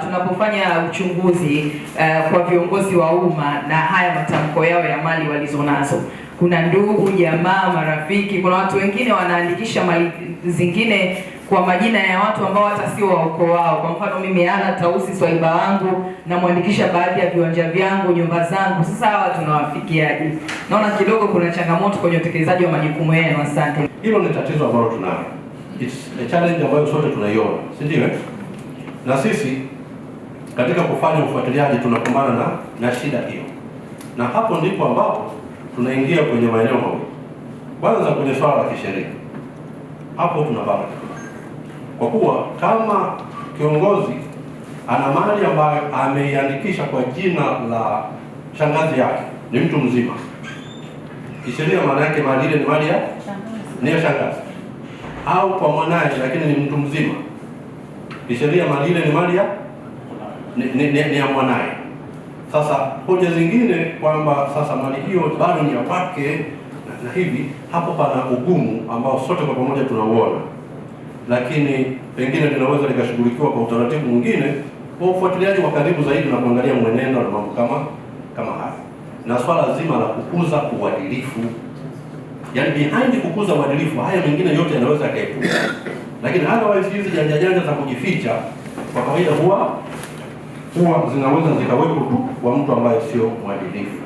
Tunapofanya uchunguzi uh, kwa viongozi wa umma na haya matamko yao ya mali walizonazo, kuna ndugu, jamaa, marafiki, kuna watu wengine wanaandikisha mali zingine kwa majina ya watu ambao hata sio wa ukoo wao. Kwa mfano mimi ana Tausi swaiba wangu namwandikisha baadhi ya viwanja vyangu, nyumba zangu. Sasa hawa tunawafikiaje? Naona kidogo kuna changamoto kwenye utekelezaji wa majukumu yenu. Asante. Hilo ni tatizo ambalo tunalo, it's a challenge ambayo sote tunaiona, si ndio? Na sisi katika kufanya ufuatiliaji tunakumbana na, na shida hiyo, na hapo ndipo ambapo tunaingia kwenye maeneo mawili. Kwanza kwenye swala la kisheria, hapo tunapata kwa kuwa kama kiongozi ana mali ambayo ameiandikisha kwa jina la shangazi yake, ni mtu mzima kisheria, maana yake mali ile ni mali ya ni ya shangazi au kwa mwanaye, lakini ni mtu mzima kisheria, mali ile ni mali ya ni, ni, ni ya mwanaye. Sasa hoja zingine kwamba sasa mali hiyo bado ni ya kwake na, na hivi hapo pana ugumu ambao sote kwa pamoja tunauona, lakini pengine linaweza likashughulikiwa kwa utaratibu mwingine kwa ufuatiliaji wa karibu zaidi na kuangalia mwenendo na mambo kama kama haya, na swala zima la kukuza uadilifu, yani behind kukuza uadilifu, haya mengine yote yanaweza yakaepuka, lakini hata hizi janja janja za kujificha kwa kawaida huwa huwa zinaweza zikawepo tu kwa mtu ambaye sio mwadilifu.